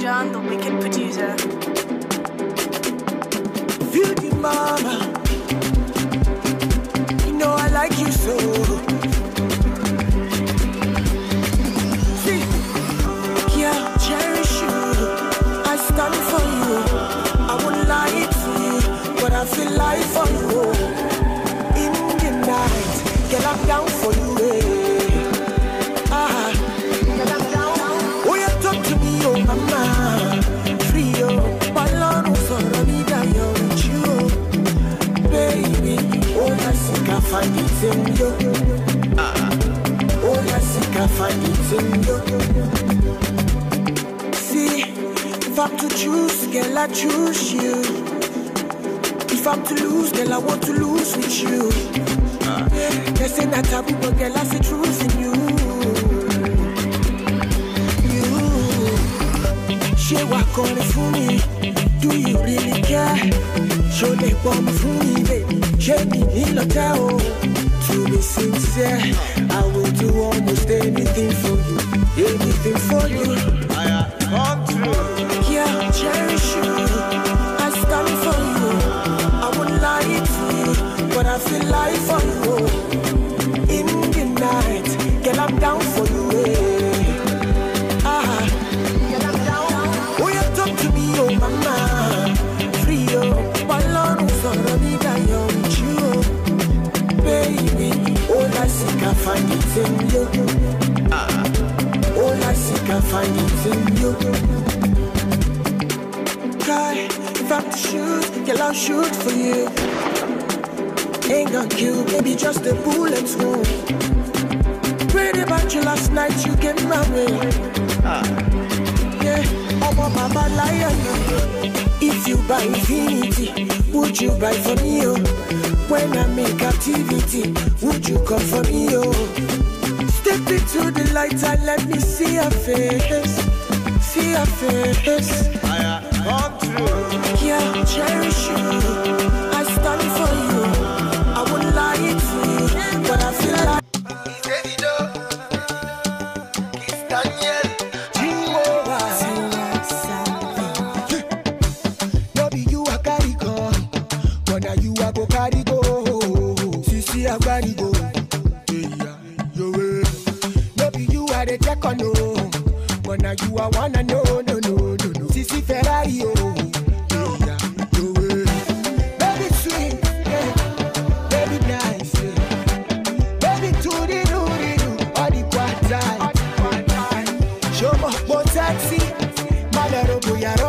John, the wicked producer. Beauty mama, you know I like you so. Ah. See, if I'm to choose, girl, I choose you. If I'm to lose, girl, I want to lose with you. Uh. They say that taboo, but girl, I see truth in you. You, she walk on for me. Do you really care? Show the bomb for me, baby. Shake me in the tower to be sincere, I will do almost anything for you, anything for you. I am come true. find it in you. Cry if I'm to shoot, girl, I'll shoot for you. Ain't gonna kill, maybe just a bullet's wound. Read about you last night, you came my way. Yeah, I'm a baba lion. If you buy infinity, would you buy for me? Oh? When I'm in captivity, would you come for me? Oh? let me see your face. See your face. I am come true. Yeah, cherish you. I stand for you. I wouldn't lie to you, but I feel like. Everybody go. second o but na you are one and no no no no no sisi ferrari o. Oh. Show me what taxi, my boy.